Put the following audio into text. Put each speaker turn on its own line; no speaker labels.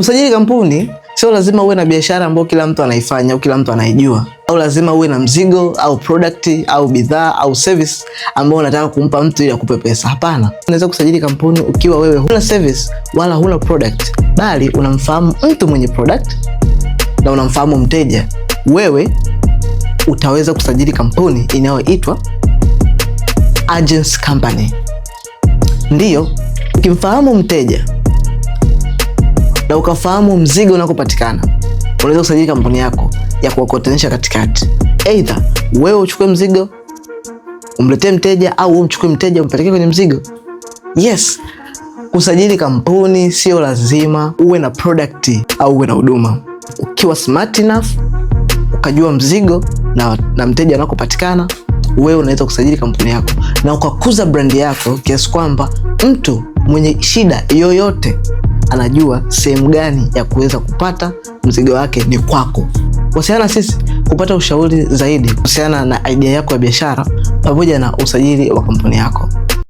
Usajili kampuni sio lazima uwe na biashara ambayo kila mtu anaifanya au kila mtu anaijua, au lazima uwe na mzigo au product au bidhaa au service ambayo unataka kumpa mtu ili akupe pesa. Hapana, unaweza kusajili kampuni ukiwa wewe huna service wala huna product, bali unamfahamu mtu mwenye product na unamfahamu mteja. Wewe utaweza kusajili kampuni inayoitwa agents company. Ndiyo, ukimfahamu mteja na ukafahamu mzigo unakopatikana, unaweza kusajili kampuni yako ya kuwakotanisha katikati. Aidha wewe uchukue mzigo umletee mteja, au umchukue mteja umpeleke kwenye mzigo. Yes, kusajili kampuni sio lazima uwe na product au uwe na huduma. Ukiwa smart enough ukajua mzigo na, na mteja anakopatikana, wewe unaweza kusajili kampuni yako na ukakuza brandi yako kiasi kwamba mtu mwenye shida yoyote anajua sehemu gani ya kuweza kupata mzigo wake ni kwako. Wasiliana sisi kupata ushauri zaidi kuhusiana na idea yako ya biashara pamoja na usajili wa kampuni yako.